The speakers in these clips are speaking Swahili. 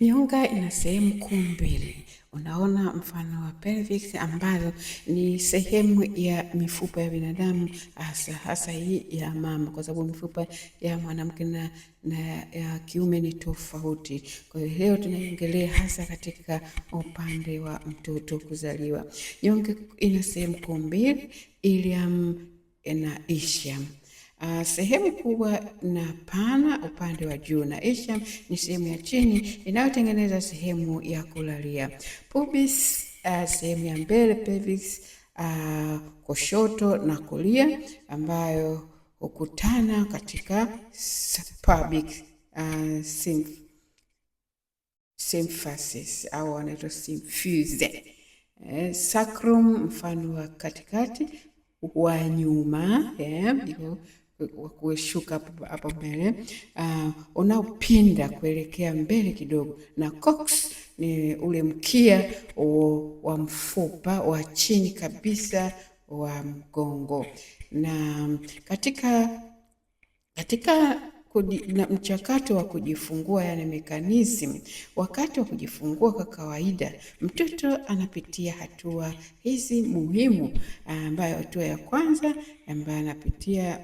Nyonga ina sehemu kuu mbili. Unaona mfano wa pelvis ambayo ni sehemu ya mifupa ya binadamu hasa hasa hii ya mama, kwa sababu mifupa ya mwanamke na, na ya kiume ni tofauti. Kwa hiyo leo tunaongelea hasa katika upande wa mtoto kuzaliwa. Nyonga ina sehemu kuu mbili, iliamu na ischiamu. Uh, sehemu kubwa na pana upande wa juu na ischium ni sehemu ya chini inayotengeneza sehemu ya kulalia. Pubis uh, sehemu ya mbele pelvis uh, kushoto na kulia ambayo hukutana katika pubic uh, symphysis au wanaitwa symphyse. Eh, sacrum mfano wa katikati wa nyuma yeah, kushuka hapo mbele uh, unaopinda kuelekea mbele kidogo, na cox ni ule mkia wa mfupa wa chini kabisa wa mgongo. Na katika katika mchakato wa kujifungua, yani mekanism, wakati wa kujifungua kwa kawaida mtoto anapitia hatua hizi muhimu, ambayo hatua ya kwanza ambayo anapitia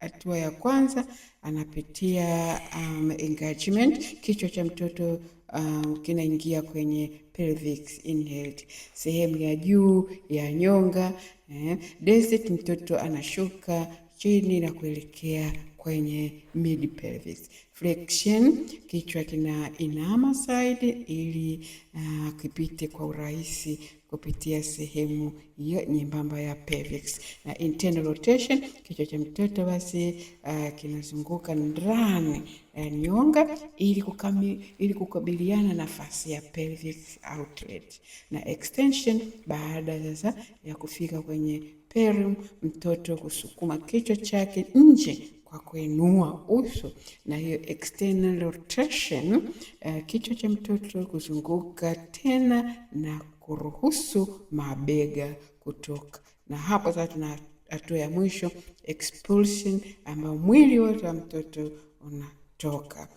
Hatua ya kwanza anapitia um, engagement, kichwa cha mtoto um, kinaingia kwenye pelvic inlet, sehemu ya juu ya nyonga eh. Desit, mtoto anashuka chini na kuelekea kwenye mid pelvis. Flexion, kichwa kina inama side ili uh, kipite kwa urahisi kupitia sehemu hiyo nyembamba ya pelvis. Na internal rotation, kichwa cha mtoto basi uh, kinazunguka ndani ya nyonga ili kukami, ili kukabiliana nafasi ya pelvic outlet. Na extension baada sasa ya kufika kwenye perium, mtoto kusukuma kichwa chake nje kwa kuinua uso, na hiyo external rotation, uh, kichwa cha mtoto kuzunguka tena na kuruhusu mabega kutoka. Na hapo sasa tuna hatua ya mwisho expulsion, ambayo mwili wote wa mtoto unatoka.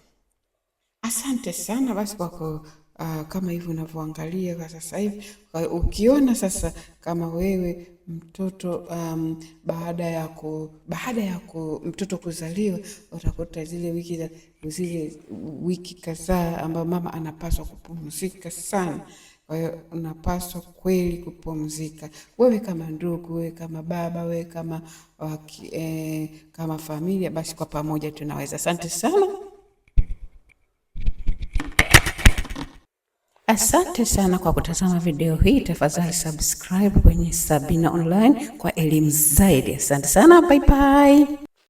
Asante sana basi kwako. Uh, ah, kama hivyo unavyoangalia kwa sasa hivi, ukiona sasa kama wewe mtoto um, baada ya ku, baada ya ku, mtoto kuzaliwa utakuta zile wiki za, zile wiki kadhaa ambayo mama anapaswa kupumzika sana. Kwa hiyo unapaswa kweli kupumzika, wewe kama ndugu, wewe kama baba, wewe kama waki, eh, kama familia, basi kwa pamoja tunaweza. Asante sana. Asante sana kwa kutazama video hii. Tafadhali subscribe kwenye Sabina Online kwa elimu zaidi. Asante sana, bye bye.